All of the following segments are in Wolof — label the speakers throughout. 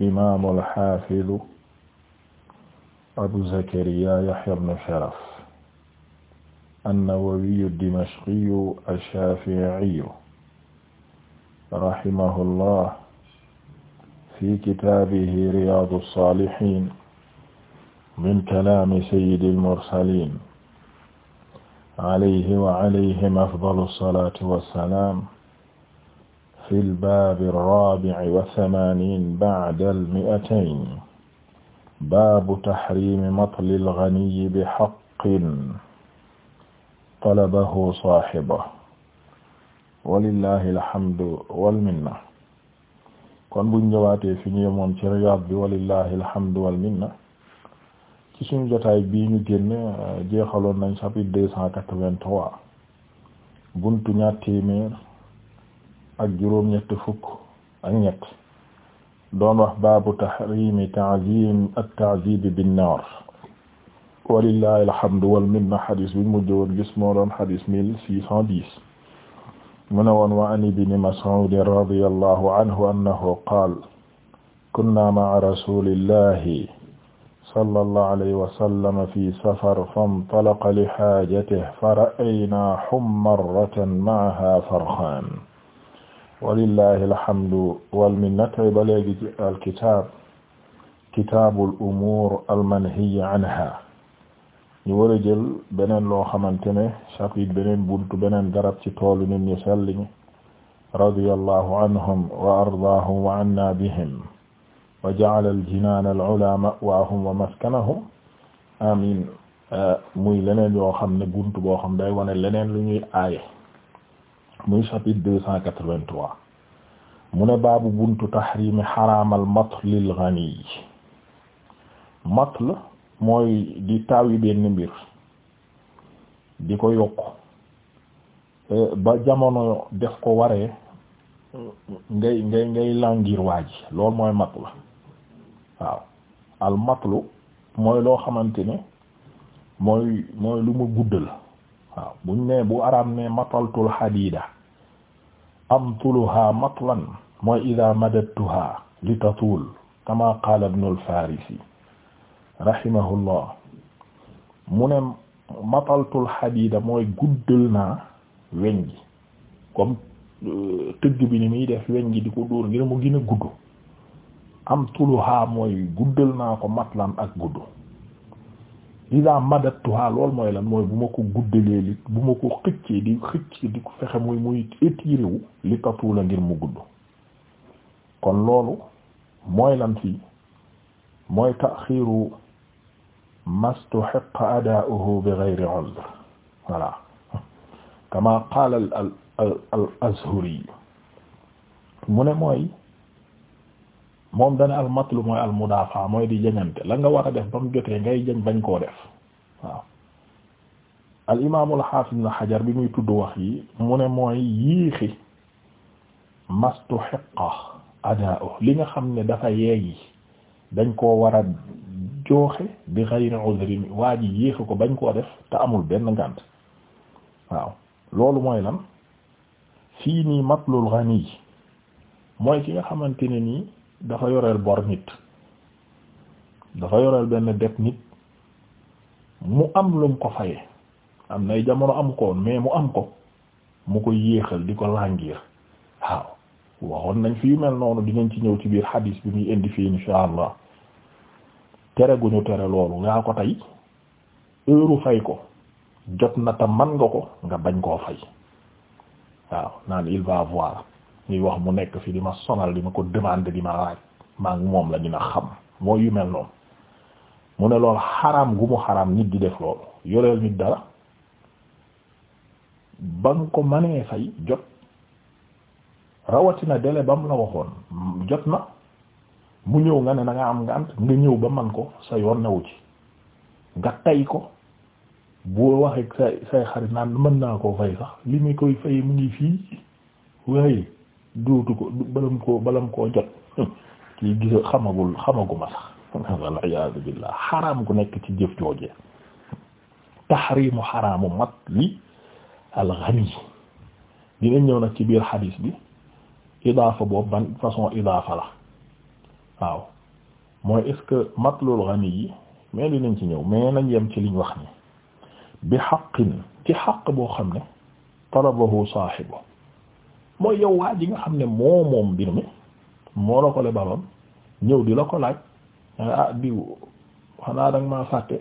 Speaker 1: imaamu alxaafidu abu zakariya yaxya bnu sharaf annawawiyu dimashqiyu alshaaficiyu rahimahullah fi kitaabihi riyaadu saalihiin min kalaami sayyidil mursaliin alayhi wa alayhim afdalu salaatu wa salaam fi lbaabi arraabi'i wa samaaniina ba'da al-mi'atayn baabu taxriimi matli al-ganiyyi bi haqqin talabahu saahibuhu walillaahi alhamdu wal minna kon buñ ñëwaatee fi ñu yemoon ci Riyaad bi walillaahi alhamdu wal minna ci suñu jotaay bii ñu génn jeexaloon nañ chapitre deux cent quatre-vingt-trois buntu ñaar téeméer ak juróom ñett fukk ak ñett doon wax baabu tahrimi ta'zim at-ta'zib bin-nar walillahi alhamdu wal minna xadis bi mujj woon gis moo doon xadis mille six cent dix mu ne woon wa an ibni Mas'ud radiyallahu anhu annahu qaala kunna ma'a rasulillahi sallallahu alayhi wa sallam fi safar fantalaqa li haajatihi fara'aynaa humratan ma'ahaa farxaan walillahi alhamdu wal minna tay ba léegi ci alkitaab kitaabul umuur almanhiya anha ñu war a jël beneen loo xamante ne chapitre beneen buntu beneen garab ci toolu nit ñu sell ñi radiyallahu anhum wa ardaahum wa anna bihim wa ja'ala al-jinaan al-'ulaa ma'waahum wa maskanahum amiin muy leneen yoo xam ne buntu boo xam day wone leneen lu ñuy aaye muy chapitre deux cent quatre-vingt-trois mu ne baabu buntu taxrimi xaraamal matl lil ghani matl mooy di taaw yi benn mbir di ko yokk euh, ba jamono def ko waree ngay ngay ngay langir waa ji loolu mooy matl waaw al matlu mooy loo xamante ne mooy mooy lu ma guddal waaw buñ ne bu araam ne mataltul xadiida amtuluha matlan mooy ida madattuha li tatuul kama qaala ibnul farisi rahimahullah mu ne mataltul xadiida mooy guddal naa weñ gi euh, tëgg bi ni muy def weñ gi di ko dóor ngir mu gën a gudd amtuluha mooy guddal naa ko matlan ak gudd ida madattuha lool mooy lan mooy bu ma ko guddalee li bu ma ko xëccee di xëccee di ko fexe muy muy étiré wu li tatula ngir mu gudd kon loolu mooy lan fii mooy taxiru mastuhiqa ada'uhu bi ghayri udhr voilà kama qala al al al azhuri mu ne mooy moom dana al matlu mooy al mudaafa mooy di jañante la nga war a def ba mu jotee ngay jañ bañ koo def waaw al imaam al na xajar bi muy tudd wax yi mu ne mooy yiixi mastuhiqa adaa'u li nga xam ne dafa yeeyi dañ koo war a jooxe bi ghayri udhrin waa ji yéexi ko bañ koo def te amul benn ngànt waaw loolu mooy lan fii nii matlul ghani mooy ki nga xamante ne nii dafa yoreel bor nit dafa yoreel benn det nit mu am lum ko faye am nay jamono am ko mais mu am ko mu ko yéexal di ko langiir waaw waxoon nañ fi mel noonu dinañ ci ñëw ci biir xadiis bi muy indi fii insha allah tere gu ñu tere loolu yaa ko tey heure fay ko jot na te man nga ko nga bañ koo fay waaw naan il va voir ñuy wax mu nekk fi di ma sonal di ma ko demander di ma laaj maa ngi moom lañu dina xam moo yu mel noonu mu ne lool xaram gu mu xaraam nit di def loolu yoreel nit dara ba nga ko mënee fay jot rawatina délai ba mu la waxoon jot na mu ñëw nga ne da nga am ngànt nga ñëw ba man ko sa yoon newu ci nga tay ko boo waxee say say xarit naan mën naa koo fay sax li mu koy fay mu ngi fii waaye duutu ko balam ko balam koo jot kii gisa xamagul xamaguma sax walla iyaadu billaah xaraam gu nekk ci jëf joojee tahrimu xaraamu mat li alxani dina ñëw nag ci biir xadiis bi idaafa boobu ban façon idaafa la waaw mooy est-ce que matlul xani yi mais dinañ ci ñëw mais nañ yem ci liñ wax ni bi xaqin ci xaq boo xam ne talabahu saaxibu mooy yow waa ji nga xam ne moo moom mbir mi moo la ko le ñëw di la ko laaj ah diw xanaa danga maa fàtte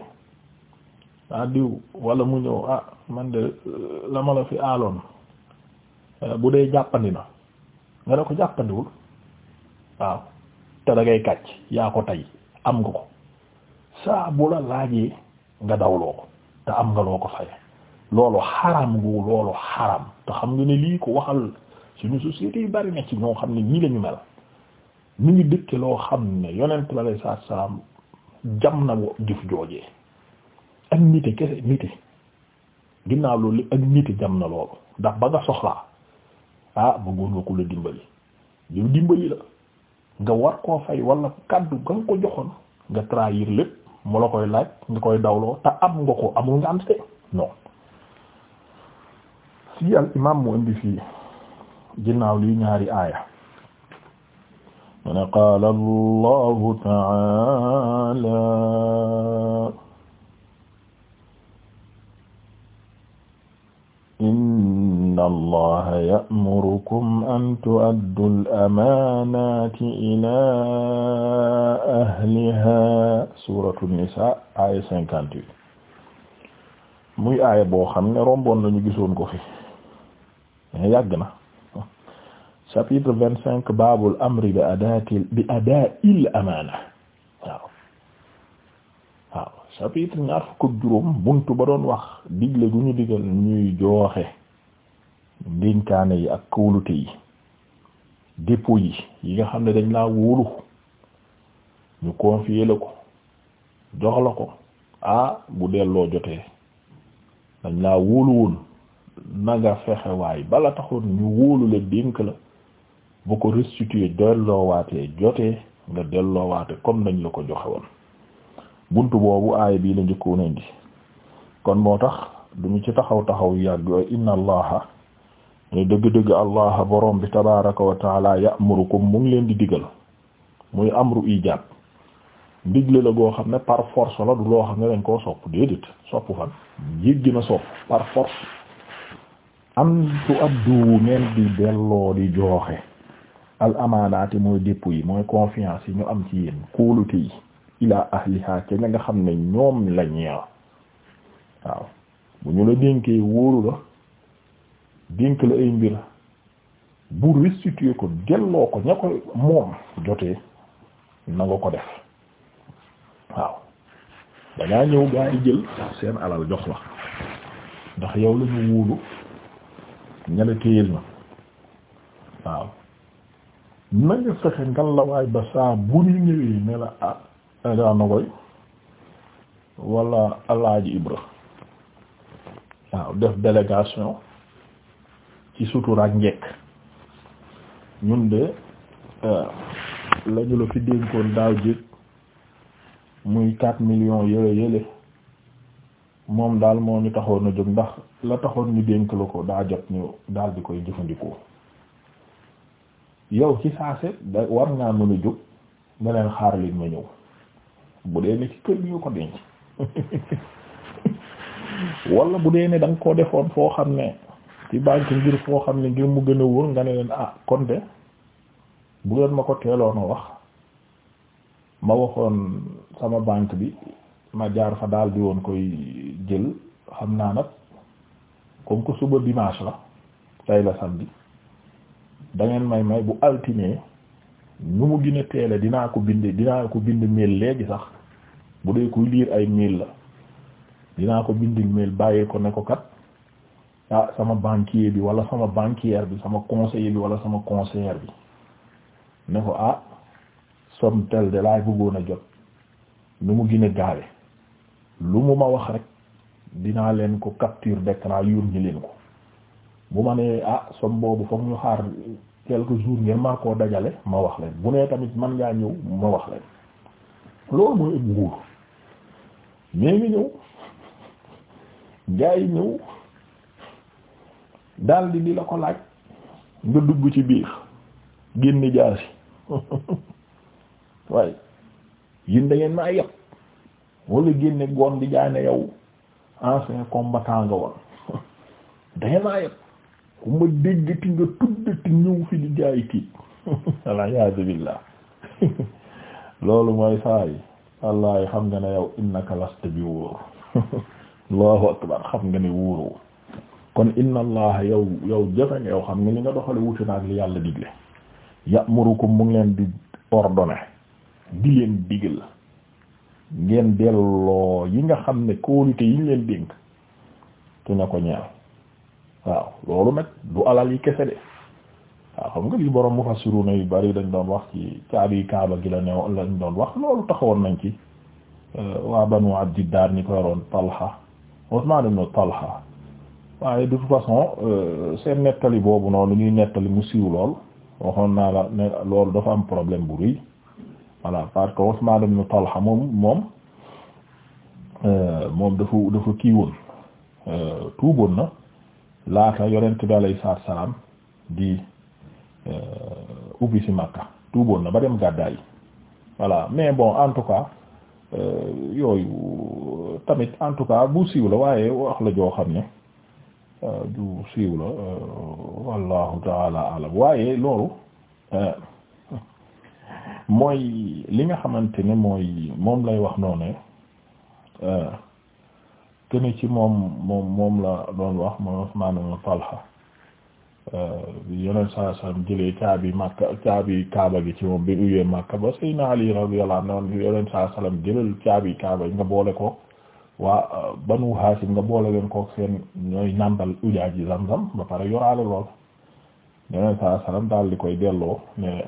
Speaker 1: ah, diw wala mu ñëw ah man de euh, la ma la fi aaloon euh, bu dee jàppandi na nga ne ko jàppandiwul waaw te da ngay kàcc yaa ko tey am nga ko saa la laajee nga dawloo ko te am nga loo ko faye loolu xaram gu loolu xaram te xam nga ne lii ko waxal suñu société yu bari na ci ñoo xam ne ñii la ñu mel ñu ngi dëkk loo xam ne yonent bi alayhi salaam jam na wo ak nite kese nite ginnaaw loolu na loolu ndax ba nga soxlaa ah bëggoon nga ku la dimbali yow dimbali la nga war koo fay wala kàddu ga nga ko joxoon nga trahir lépp mu la koy laaj nga koy dawloo te am nga ko amul nga am te non si al imam indi fii ginnaaw lii ñaari aaya mu ne qaala allahu taala inna allaha ya'murukum an tu'addu al-amaanati ilaa ahlihaa suuratu nisaa aaya cinquante-huit muy aaya boo xam ne romboon nañu gisoon ko fi yàgg na chapitre vingt cinq baabul amri bi adaatil bi adaa'il amaana waaw waaw chapitre ñaar fukk ak juróom buntu ba doon wax digle gu ñu digal ñuy jooxe ndénkaane yi ak kóolute yi dépôt yi yi nga xam ne dañ laa wóolu ñu confier la ko jox la ko ah bu delloo jotee dañ laa wóolu woon na fexe waaye bala taxoon ñu wóolu la dénk la bu ko restituer delloowaatee jotee nga delloowaate comme nañ la ko joxe woon bunt boobu aay bii la njëkkoon indi kon moo tax duñu ci taxaw taxaw yàgg inna allaha ne dëgg-dëgg allaha borom bi tabaraka wa taala ya'murukum mu ngi leen di digal muy amru ijaab digle la goo xam ne par force la du loo xam ne dañ koo sopp déedéet sopp fan jéggi na sopp par force am tu di delloo di jooxe al amaanaati mooy dépôt yi mooy confiance yi ñu am ci yéen kóolute yi ilaa ahliha ca ña nga xam ne ñoom la ñeew waaw bu ñu la dénkee wóolu la dénk la ay mbir bu restituer ko delloo ko ña ko moom jotee na ko def waaw dangaa ñëw gaa yi jël seen alal jox la ndax yow la wóolu ña la téyel na waaw nañu fexe ngalawaay ba saa bu ñu ñëwee ne la ah Adja Nogoy wala Alaaji waaw def délégation ci sutura njekk ñun de euh, lañu la fi dénkoon daaw jëkk muy quatre millions yële yële moom daal moo ñu taxoon a jóg ndax la taxoon ñu dénk la ko daa jot ñu daal koy jëfandikoo yow ci saase da war ngaa mën a jóg ne leen xaar leen ma ñëw bu dee ne ci kër gi ñu ko denc wala bu dee ne da koo defoon foo xam ne ci banque ngir foo xam ne ngir mu gën a wóor nga ne leen ah kon de bu leen ma ko teeloon a wax ma waxoon sama banque bi ma jaar fa daal di woon koy jël xam naa nag comme que suba dimanche la tey la samedi. da ngeen may may bu altine ñu mu gën a dinaa ko bind dinaa ko bind mail léegi sax bu dee kuy liir ay mail la dinaa ko bind mail bàyyi ko ne ko kat ah sama banquier bi walla sama banquière bi sama conseiller bi wala sama conseillère bi ne ko ah somme telle de laay bëggoon a jot nu mu gën a gaawe lu mu ma wax rek dinaa leen ko capture d'écran yónni leen ko bu ma nee ah somme boobu foog ñu xaar quelques jours ngeen maa koo dajale ma wax leen bu nee tamit man ngaa ñëw ma wax leen loolu mooy ëpp nguur mais ngi ñëw gaa yi ñëw daldi di la ko laaj nga dugg ci biir génn jaasi waaye yéen da ngeen maa yab wala génne goon di jaay ne yow ancien combattant nga woon da ngeen maa yab ku ma dégg ti nga tudd ti ñëw fi di jaay walla yaazu billah loolu mooy saa yi xam nga ne yow innaka lasta bi wóor allahu akbar xam nga ne wóoroo kon inna allah yow yow jafe nga yow xam nga li nga doxale wuti na ak yàlla digle ko mu ngi leen di ordonné di leen digal ngeen delloo yi nga xam ne kóolute yi ñu leen dénk ki na ko ñeel waaw loolu nag du alal yi kese de waaw xam nga li borom mufassiruna yu bari dañ doon wax ci caabi kaaba gi la ne lañ doon wax loolu taxawoon nañ ci euh, waa banu abdi daar ñi ko yoroon Talha Usman ibn Talha waaye de toute façon euh, seen nettali boobu noonu ñuy nettali mu siiw lool waxoon naa la ne loolu dafa am problème bu rëy voilà parce que Usman ibn Talha moom moom euh, moom dafa dafa kii tuuboon na laata yonent bi alayhi salaatu salaam di euh, ubbi ci Makka tuuboon na ba dem gàddaay yi voilà mais bon en tout cas euh, yooyu tamit en tout cas bu siiw la waaye wax la joo xam ne euh, du siiw la wallahu taala alam waaye loolu mooy li nga xamante ne mooy moom lay wax noonu ne kene ci moom moom moom la doon wax mooy Usmaan ibn Talha bi yeneen saa saam jëlee caabi Makka caabi Kaaba gi ci moom bi uyee Makka ba Seydina Ali radiyallahu anhu yeneen saa saam jëlal caabi Kaaba nga boole ko waa uh, Banu Haashim nga boole leen ko seen ñooy nàndal ujaaji Zamzam ba pare yoraale lool yeneen saa saam daal di koy delloo ne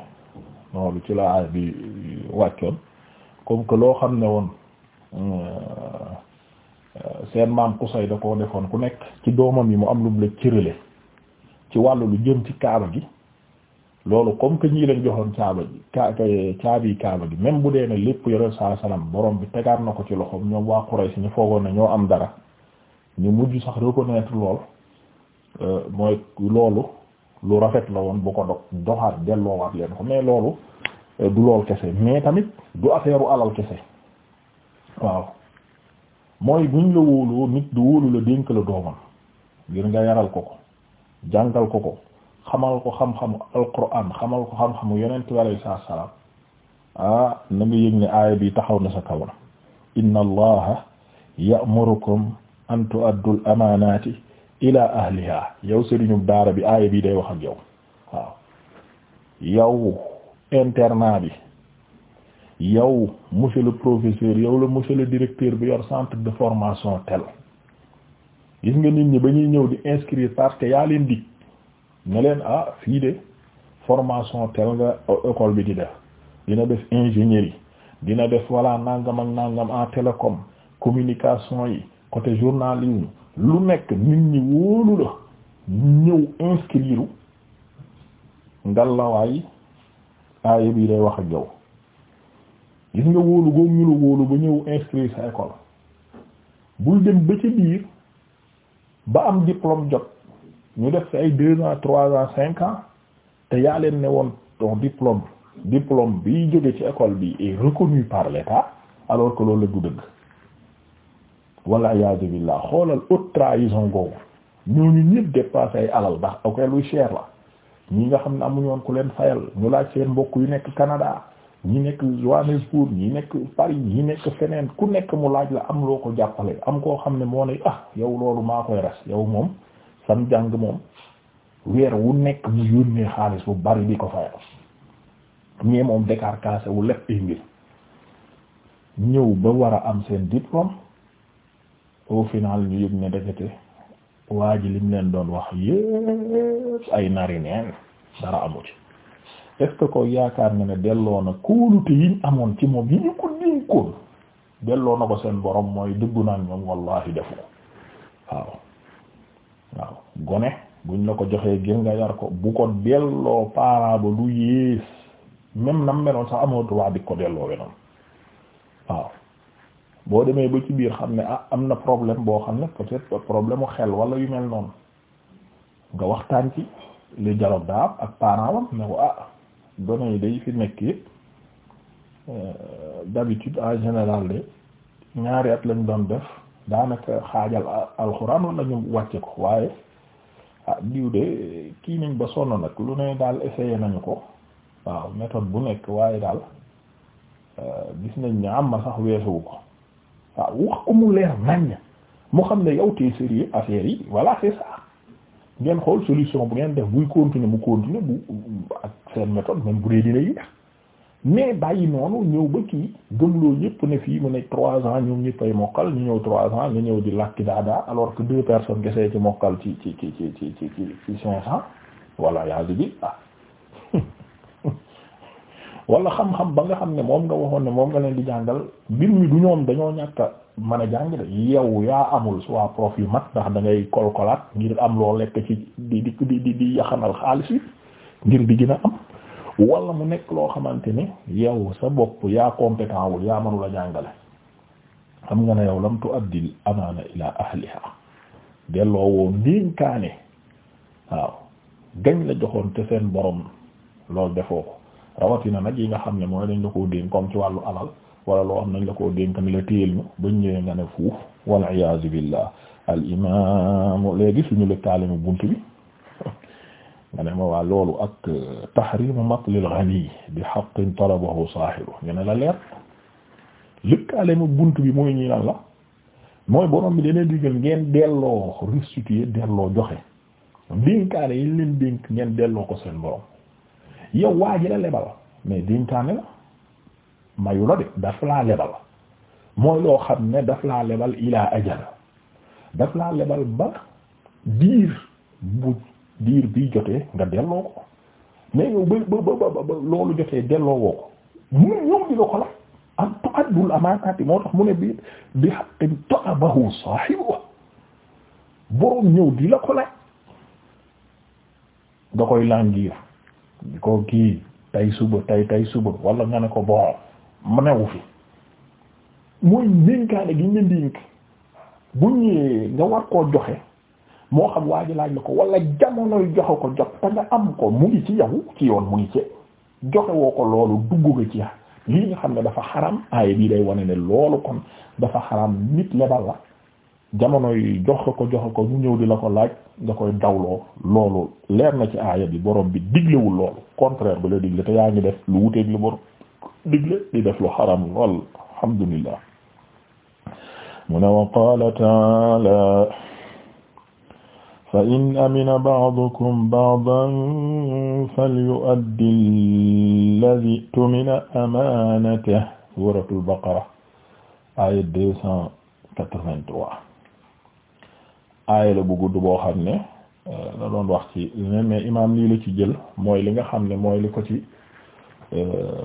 Speaker 1: loolu ci la aay bi wàccoon comme que loo xam ne woon. Uh, seen maam Qusay da koo defoon ku nekk ci doomam yi mu am lu mu ci cërale ci wàllu lu jëm ci kaaba gi loolu comme que ñii lañ joxoon caaba ji ka caabi kaaba gi même bu dee ne lépp yore saa salaam borom bi tegaat na ko ci loxoom ñoom waa Quraysh ñu foogoon na am dara ñu mujj sax reconnaître lool euh, mooy loolu lu rafet la woon bu ko dog doxaat delloowaat leen ko mais loolu euh, du lool kese mais tamit du affaire u alal kese waaw. mooy buñ la wóoloo nit du wóolu la dénk la doomam ngir nga yaral ko ko jàngal ko ko xamal ko xam-xamu alquran xamal ko xam-xamu yeneen bi alayhi salaatu salaam ah na nga yëg ne aaya bi taxaw na sa kaw la inna allaha ya'murukum an tu'addu al-amanati ila ahliha yow sëriñu daara bi aaya bi day wax ak yow waaw yow internat bi yow monsieur le professeur yow la monsieur le directeur bi yor centre de formation tel gis nga nit ñi ba ñuy ñëw di inscrir parce que yaa leen dig ne leen ah fii de formation tel nga école bi di def dina def ingénierie dina def walla nangam ak nangam en télécom communication yi côté journalisme lu nekk nit ñi wóolu la ñëw inscrire ngal la waay aaya bii day wax ak jow gis nga wóolu goog ñu la wóolu ba ñëw inscrire sa école bul dem ba ci biir ba am diplôme jot ñu def ci ay deux ans trois te yaa leen ne woon dox diplôme diplôme bi jóge ci école bi est reconnu par l'État alors que loolu la du dëgg walla iyaazu billaah xoolal haute trahison googu ñooñu ñëpp dépassé ay alal ndax ok luy cher la ñi nga xam ne amuñu woon ku leen fayal ñu laaj seen mbokk yu nekk Canada ñi nekk Johannesburg ñi nekk Paris ñi nekk feneen ku nekk mu laaj la am loo ko jàppale am koo xam ne moo ne ah yow loolu maa koy res yow moom sam jàng moom weer wu nekk mu yónnee xaalis bu bari di ko fayal ñee moom décarcassé ba war a am seen diplôme au final ñu waa ji lim leen doon wax yépp ay nari neen dara amu est ko yaakaar na ne delloo na kóolute yiñ amoon ci moom yi ñu ko dénkoon delloo na ko seen boroom mooy dëggu naa ñoom wallahi defu ko waaw waaw gone buñ la ko joxee gën nga yar ko bu ko delloo parent ba lu yées même nam meloon sax amoo droit di ko delloo wenoon waaw boo demee ba ci biir xam ne ah am na problème boo xam ne peut-être problème mu xel wala yu mel noonu nga waxtaan ci li jalo daab ak parent ne ko ah gone yi day fi nekk yëpp euh, d'habitude en général de ñaari at lañ doon def daanaka xaajal alxuraan wala ñu wàcce ko waaye ah diw de kii nañ ba sonn nag lu ne daal essayé nañu ko waaw méthode bu nekk waaye daal euh, gis nañ ñaam am ma sax weesuwu ko waaw wax ko mu leer nañ mu xam ne yow tee sérieux affaire yi voilà c'est ça ngeen xool solution bu ngeen def buy continuer mu continuer bu ak seen méthode même bu dee dina yi mais bàyyi noonu ñëw ba kii gëmloo yëpp ne fii mu ne trois ans ñoom ñëppay mokkal ñu ñëw trois ans ñu ñëw di làkki daadaa aloor que deux personnes gesee ci mokkal ci ci ci ci ci ci ci cinq cents voilà yaa gi ah wala xam-xam ba nga xam ne moom nga waxoon ne moom nga leen di jàngal mbir mi du ñoom dañoo ñàkk a mën a jàng de yow yaa amul soit prof yu mat ndax da ngay kolkolaat ngir am loo lekk ci di di di yaxanal xaalis ngir di na am wala mu nekk loo xamante ni yow sa bopp yaa compétent wul yaa mënula jàngale xam nga ne yow lam tu addil amaana ila ahliha delloo woo ndénkaane waaw gañ la joxoon te seen borom loolu defoo ko rawatina nag yi nga xam ne mooy dañ la koo dénk comme ci wàllu alal wala loo xam nañ la koo dénk ni la téyel ñu bañ ñëwee nga ne fuuf wal iyaazu billah al imaamu léegi suñu lëkkaale mi bunt bi nga ne ma waa loolu ak euh, tahrimu matlil ghani bi haqqin talabahu saahibu ñu ne la leer lëkkaale mu bunt bi mooy ñi lan la mooy borom bi dana digal ngeen delloo restituer delloo joxe dénkaane yi leen dénk ngeen delloo ko seen borom yow waa ji la lebal mais dénkaane la mayu de daf laa lebal mooy loo xam ne daf laa lebal ilaa ajal daf laa lebal ba diir bu diir bi jotee nga delloo ko mais yow ba ba ba ba loolu jotee delloo woo ko mu ñoom di nga ko la am tu'addul amaanaati moo tax mu ne bi bi haqqin talabahu saahibu boroom ñëw di la ko laaj nga koy langiir ko kii tay suba tay tay suba wala nga ne ko bon mu newu fi mooy ñénkaane gi nga ndénk bu ñëwee nga war koo joxe moo xam waa laaj la ko wala jamonoy joxe ko jot te nga am ko mu ngi ci yow ci yoon mu ngi ci joxe woo ko loolu dugg nga ci lii nga xam ne dafa xaram aaya bii day wone ne loolu kon dafa xaram nit lebal la jamono yi jox ko jox ko mu ñëw di la ko laaj nga koy dawloo loolu leer na ci aaya bi borom bi diglewul loolu contraire bi la digle te yaa ngi def lu wuteeg lu borom digle di def lu xaram lool alhamdulillah mu ne wa qaala taala fa in amina ba'dukum ba'dan falyu'addi alladhi tumina amanatahu suuratul baqara la bu gudd boo xam ne euh, la doon wax ci lii la ci jël mooy li nga xam ne mooy li ko ci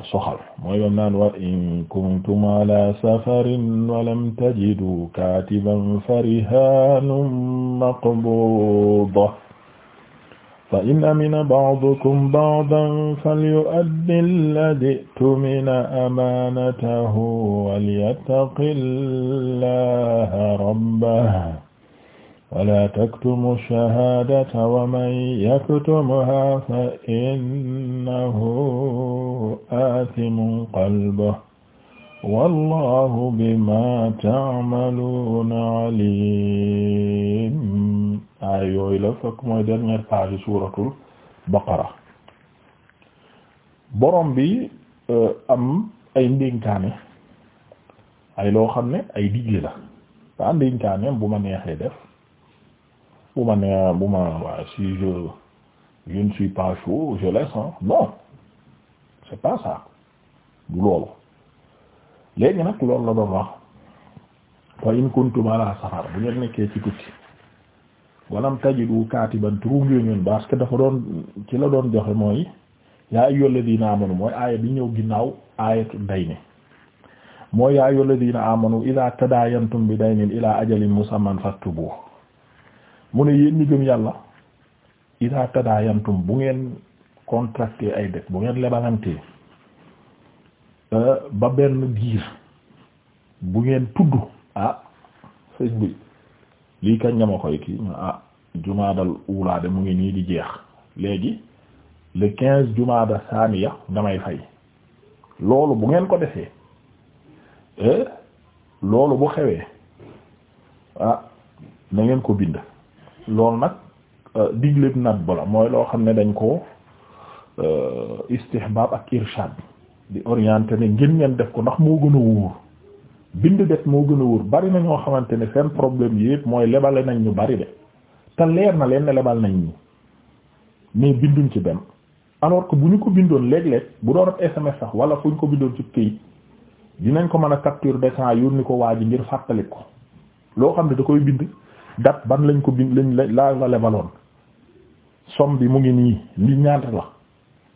Speaker 1: soxal mooy bam naan wa in kuntum ala safarin walam tajidu katiban farihanum maqbuda fa in amina ba'dukum ba'dan falyu'addi alladhi tumina amanatahu walyattaqillaha rabbahu wala taktumu shahaadata wa man yaktumha fa innahu aathimun qalbahu wallaahu bimaa ta'maluuna aliim. ay yooyu la fekk mooy dernière page suuratul baqara borom bi am ay ndénkaane ay loo xam ne ay digle la ta ndénkaane bu ma neexee def. bu ma nee bu ma waaye si je je ne c'est pas ça du loolu léegi nag loolu la doon wax wa in kuntum ala safar bu ngeen nekkee ci tukki walam tajidu katiban trouvé ngeen parce que dafa doon ci la doon joxe mooy yaa ayyuhal ladina amanu mooy aaya bi ñëw ginnaaw aayatu dayni mooy yaa ayyuhal ladina amanu ida tadayantum bi daynin ila ajalin musamman faktubuhu mu ne yéen ñi gëm yàlla idaa bu ngeen contracté ay det bu ngeen lebalantee euh, ba benn diir bu ngeen tudd ah lii kañ nga ma koy kii ah jumaadal uulaa mu ngi nii di jeex léegi le quinze jumaada saaniya nga may fay loolu bu ngeen ko defee euh, loolu bu xewee ah na ngeen ko bind loolu nag euh, digleb nat bala mooy loo xam ne dañ ko euh, istihbab ak irshad di oriente ne ngir ngeen def ko ndax moo gën a wóor bind def moo gën a wóor bari na ñoo xamante ne seen problème yépp mooy lebale nañ ñu bari de te leer na leen ne lebal nañ ñi mais binduñ ci benn alors que bu ñu ko bindoon léeg-léeg bu doon ab SMS sax wala fu ñu ko bindoon ci këyit dinañ ko mën a capture d'écran yónni ko waa ji ngir fàttali ko loo xam ne da koy bind date ban lañ ko bind lañ laa la lebaloon somme bi mu ngi nii li ñaata la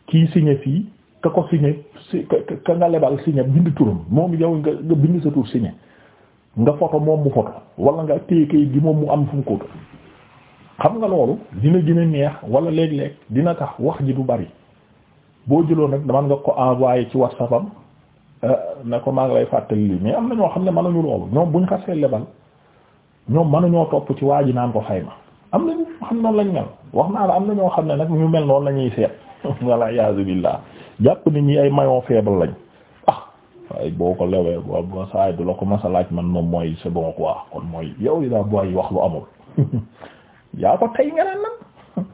Speaker 1: kii signé fii ka ko signé si ka nga lebal signé bind turam moom yow nga nga bind sa tur signé nga photo moom mu photo wala nga téye kayit gi moom mu am fu mu ko xam nga loolu dina gën a neex wala léeg-léeg dina tax wax ji du bari boo jëloon rek man nga ko envoyé ci whatsapp am euh, ne ko maa ngi lay fàttali lii mais am na ñoo xam ne mënuñu loolu ñoom buñ xasee lebal. ñoom mën mënuñoo topp ci waa ji naan ko fay ma am na xam noonu lañ mel wax naa la am na ñoo xam ne nag ñu mel noonu la ñuy seet walla iyaazu billaah jàpp ni ñi ay maillon faible lañ ah waaye boo ko lewee ba saa du la ko mas a laaj man moom mooy c'est ko waa kon mooy yow li daa booy wax lu amul yaa ko tey nga naan nan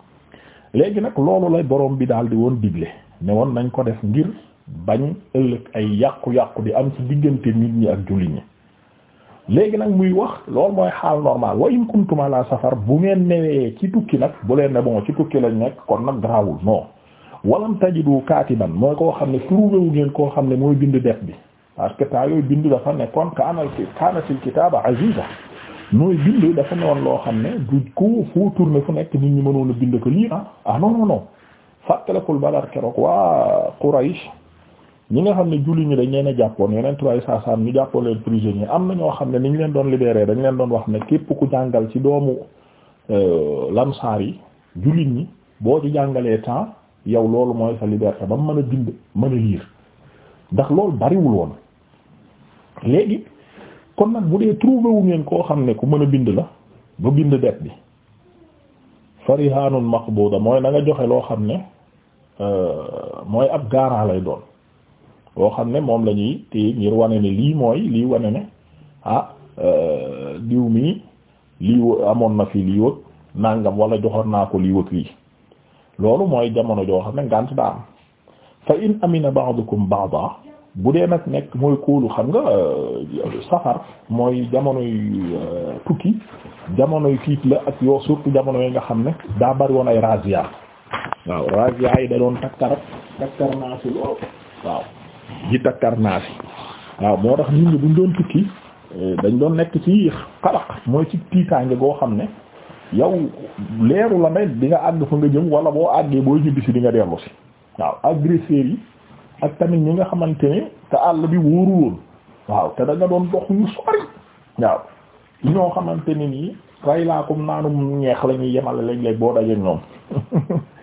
Speaker 1: léegi nag loolu lay borom bi daal di woon digle ne woon nañ ko def ngir bañ ëllëg ay yàqu-yàqu di am ci diggante nit ñi ak jullit ñi. léegi nag muy wax loolu mooy xaal normal wa in kuntum safar bu ngeen newee ci tukki nag bu leen ne bon ci tukki lañ nekk kon nag garaawul non walam tajidu kaatiban mooy koo xam ne trouvé wu ngeen koo xam ne mooy bind def bi parce que temps yooyu bind dafa nekkoon kaanal kaanatil kitaaba aziza mooy bind dafa newoon loo xam ne du ku foo tourné fu nekk nit ñi mënoon a bind ko lii ah ah non non non fàttalikul Badar keroog waa Quraysh ñi nga xam ne julli ñi dañ leen a jàppoon yeneen tubaab saa saa ñu jàppoon leen prisonnier am na ñoo xam ne ni ñu leen doon libéré dañ leen doon wax ne képp ku jàngal ci doomu euh, lamsaar yi jullit ñi boo ci jàngalee temps yow loolu mooy sa liberté ba mu mën a bind mën a liir ndax loolu bariwul woon léegi kon nag bu dee trouvé wu ngeen koo xam ne ku mën a bind la ba bind det bi farihanun maqbuda mooy na nga joxe loo xam ne euh, mooy ab garant lay doon boo xam ne moom la ñuy téye ngir wane ne lii mooy lii wane ne ah euh, diw mi lii amoon na fi lii wëg nangam wala joxoon naa ko lii wëg lii loolu mooy jamono joo ne ngànt daa am fa in amina ba'dukum ba'da bu dee nag nekk mooy kóolu xam nga euh, safar mooy jamonoy euh, tukki jamonoy tiit la ak yoo surtout jamono yi nga xam ne daa bari woon ay razzia waaw razzia yi da doon takkarak takkar naa si loolu waaw ji takkar naas waaw moo tax nit ñi buñ doon tukki eh, dañ doon nekk ci xalaq mooy ci tiitaange goo xam ne yow leeru la ne di nga àgg fa nga jëm wala boo àggee booy ñibbi si di nga dellu waaw agresseurs yi ak tamit ñi nga xamante ne te àll bi wóorul woon waaw te da nga doon dox yu sori waaw ñoo xamante nii ray laa comme naanum ñeex lañuy ñuy yemale léeg-léeg boo dajee ñoom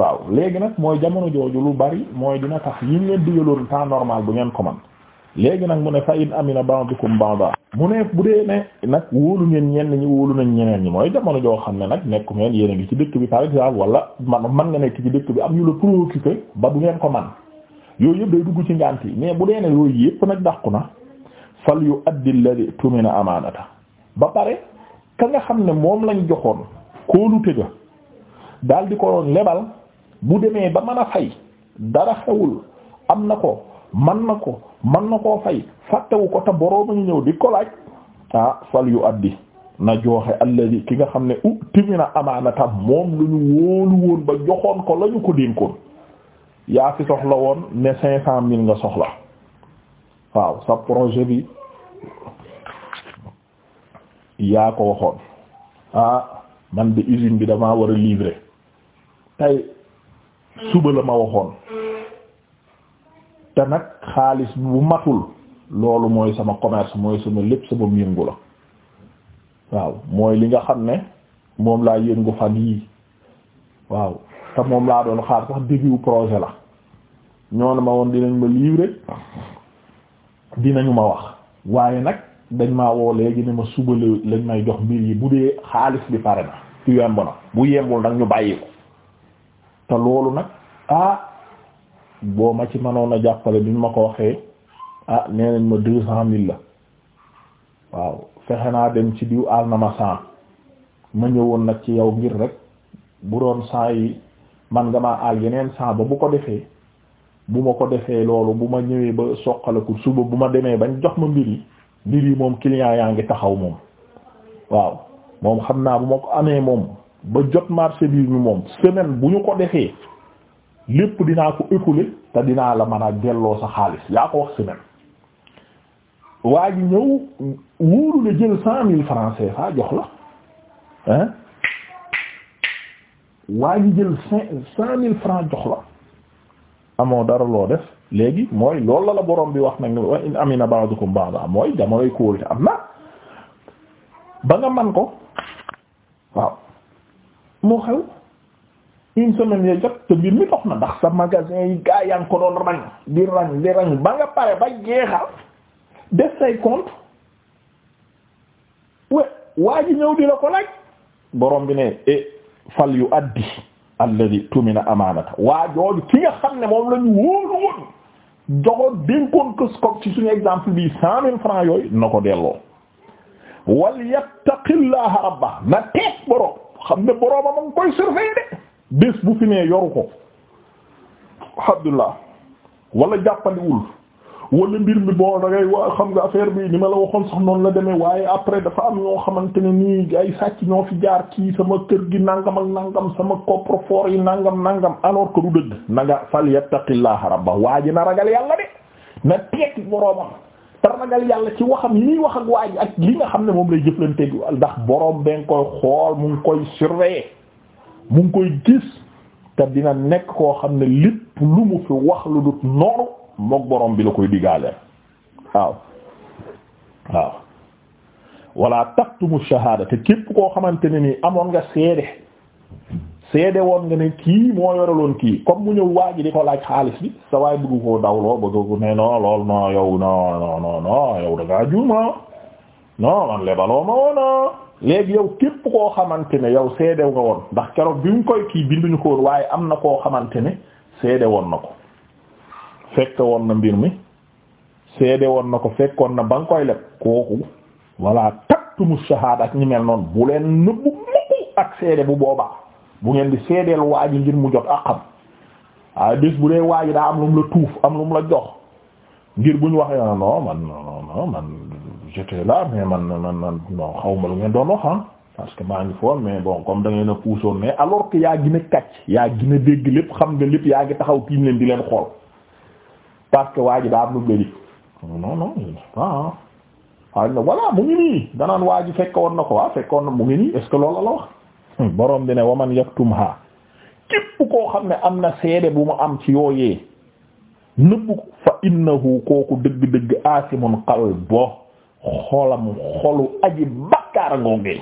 Speaker 1: waaw léegi nag mooy jamono jooju lu bari mooy dina tax yi ñu leen digaloon temps normal bu ngeen ko man léegi nag mu ne fa in amina ba'dukum ba'da mu ne bu dee ne nag wóolu ngeen ñenn ñi woolu nañ ñeneen ñi mooy jamono joo xam ne nag nekku ngeen yéen a ngi ci dëkk bi par exemple wala man man nga nekk ci dëkk bi am ñu la préoccupé ba du ngeen ko man yooyu yëpp day dugg ci ngànt yi mais bu dee ne yooyu yëpp nag dàqu na fal yu addi alladhi tumina amaanata ba pare ka nga xam ne moom lañ joxoon kóolu tëga di ko lebal bu demee ba man a fay dara xewul am na ko man na ko man na ko fay fàttewu ko te borooma ñu ñëw di ko laaj ah fal yu addi na jooxe alladi ki nga xam ne u timina amaanatam moom lu ñu ba joxoon ko la ko dénkoon yaa fi soxla woon ne cinq cent mille nga soxla waaw sa projet bi yaa ko waxoon ah man de usine bi damaa war a livrer tey suba la ma waxoon te nag xaalis bu matul loolu mooy sama commerce mooy sama lépp sama yëngu la waaw mooy li nga xam ne moom laa yëngu fan yii waaw te moom laa doon xaar sax wu projet la ñoonu ma woon dinañ ma livrer dinañu ma wax waaye nag dañ ma woo léegi ne ma suba lañ may jox mbir yi bu dee xaalis bi pare na ci yemb na bu yembul nag ñu bàyyi ko te loolu nag ah boo ma ci mënoon a jàppale bi ñu ma ko waxee ah nee nañ ma deux cent mil la waaw fexe naa dem ci diw àll na ma cent ma ñëwoon nag ci yow ngir rek bu doon cent yi man nga maa àll yeneen cent ba bu ko defee bu ma ko defee loolu bu ma ñëwee ba soqaleku suba bu ma demee bañ jox ma mbir yi mbir yi moom client yaa ngi taxaw moom waaw moom xam naa bu ma ko amee moom. ba jot marché bi mi moom semaine bu ñu ko defee lépp dinaa ko écouler te dinaa la mën a delloo sa xaalis yaa ko wax semaine waa ji ñëw wóoru la jël cent mille francs CFA jox la hein waa ji jël cinq cent mille francs jox la amoo dara loo def léegi mooy loolu la la borom bi wax nag wa in amina ba'dukum ba'da mooy jamonoy kóolute am na ba nga man ko waaw moo xew une semaine ya jot te mbir mi dox na ndax sa magasin yi gaa yaa ngi ko doon rang di rang di rang ba nga pare ba jeexal def say waa ji ñëw di ko laaj borom bi ne e fal yu addi alladhi tumina amaanata waa jooju ki nga xam ne moom lañu wóolu woon joxoon dénkoon kës ko ci suñu exemple bi cent mille francs yooyu na ko delloo wal yattaqillaha rabba na teeg borom xam ne boroomam a ngi koy surveiller de bés bu fi nee yoru ko alhamdulillah wala jàppandiwul wala mbir mi boo da xam nga affaire bi ni ma la waxoon sax noonu la demee waaye après dafa am ñoo xamante ne nii ay sàcc ñoo fi jaar kii sama kër gi nangam ak nangam sama coffre-fort yi nangam nangam alors que du dëgg na nga fal rabba waa na ragal yàlla de na teeg boroomam te ragal yàlla ci waxam yi muy wax ak waa ak li nga xam ne moom lay jëflanteeg ndax borom ba nga koy xool mu ngi koy surveiller mu ngi koy gis te dina nekk koo xam ne lépp lu mu fi wax lu dut noonu mook borom bi la koy digaaleen waaw waaw wala taktumu shahada te képp koo xamante ne nii amoon nga seede seede woon nga ne kii moo yoraloon kii comme mu ñëw waa ji di ko laaj xaalis bi sa waay bëgg koo dawloo bëgg ko ne non lool non yow non non yow da ngaa juuma non lebaloo ma woona ah. léegi yow képp koo xamante ne yow seede nga woon ndax keroog bi mu koy kii binduñu ko woon waaye am na koo xamante ne seede woon na ko fekk woon na mbir mi seede woon na ko fekkoon na ba nga koy leb kooku walla taktumu shahaada ak ñi mel noonu bu leen nëbbu mukk ak seede bu boobaa bu ngeen di seedeel waaji ngir mu jot àqam waaye bis bu dee waaji daa am lu mu la tuuf am lu mu la jox ngir bu ñu waxee ah, non man non non man j'étais là mais man man man xaw ma lu ngeen doon wax ah, parce que maa ngi foon mais bon comme da ngeen puusoon mais alors que yaa gën a kàcc yaa gën a dégg lépp xam nga lépp yaa ngi taxaw kii leen di leen xool parce que waaji daa am lu mu la di non non ah. mu ngi nii danaan waaji fekkoon na ko waa ah, fekkoon mu est-ce borom bi ne waman yaktumha képp koo xam ne am na seede bu mu am ci yooyee nëbbu fa innahu kooku dëgg-dëgg aasimun qalbo xolam xolu aji bakkaara ngoogee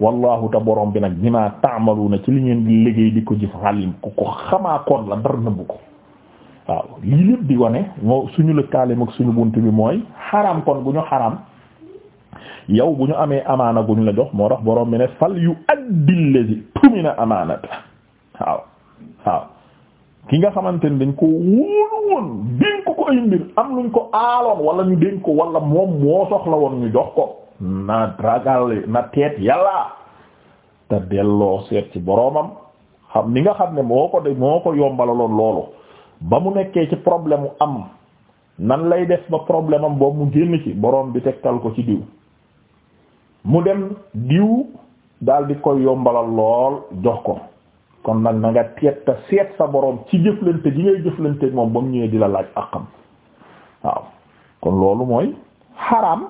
Speaker 1: wallahu borom bi nag bima ta'maluna ci li ngeen di liggéey di ko jëf alim ku ko xamaakoon la dara nëbbu ko waaw lii lépp di wane moo suñu lëkkaale ak suñu bunt bi mooy xaram kon gu ñu xaram yow bu ñu amee amaana guñ la jox moo tax borom bi ne fal yu addil lazi tumina amaanata waaw waaw ki nga xamante ne dañ ko wóolu woon dénk ko ay mbir am luñ ko aaloon wala ñu dénk ko wala moom moo soxla woon ñu jox ko na ragal na teet yàlla te delloo seet ci boroomam xam ni nga xam ne moo ko de moo ko yombalaloon loolu ba mu nekkee ci problème mu am nan lay def ba problème am boobu mu génn ci boroom bi tegtal ko ci diw mu dem diw daal di koy yombalal lool jox ko kon nag na nga teet seet sa borom ci jëflante yi ngay jëflanteeg moom ba mu ñëwee di la laaj akam waaw kon loolu mooy xaraam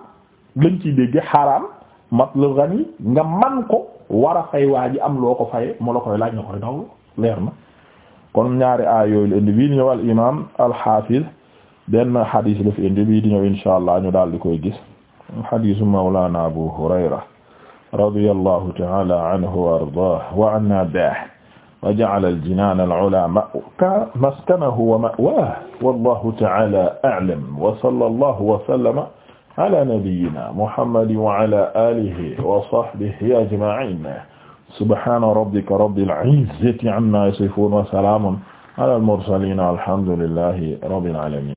Speaker 1: lañ ciy dégge xaraam matlul ghani nga man ko war a fay waa ji am loo ko faye moo la koy laaj nga koy daw leer na kon ñaari aay yooyu la indi di ñëw al imam al hafiz benn hadith la fi indi ñëw insha allah ñu daal di koy gis hadiisu mawlaana Abu Hurayra radiyallahu ta'ala anhu wa ardaahu wa annaa bihi wa ja'ala al-jinaan al-'ulaa maskanahu wa ma'waahu wallaahu ta'ala a'lam wa sallallaahu wa sallama ala nabiyyina muhammadin wa ala aalihi wa sahbihi ajma'iin subhaana rabbika rabbil 'izzati 'ammaa yasifuun wa salaamun ala al-mursaliin walhamdu lillaahi rabbil 'aalamiin